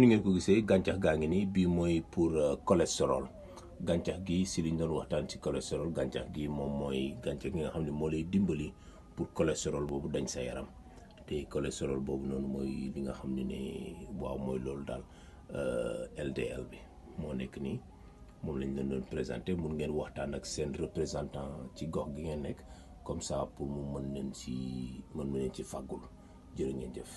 ni ngeen ko gisee gàncax gaa ngi nii bii mooy pour euh, cholestérol gàncax gi si li doon waxtaan ci cholestérol gàncax gi moom mooy gàncax gi nga xam ne moo lay dimbali pour cholestérol boobu dañ sa yaram te cholestérol boobu noonu mooy li nga xam ne ne waaw mooy loolu daal LDL euh, bi moo nekk ni moom lañ leen doon présenté mun ngeen waxtaan ak seen représentant ci gox gi ngeen nekk comme ça pour mu mën leen ci mën leen ci fàggul jërë ngeen jëf.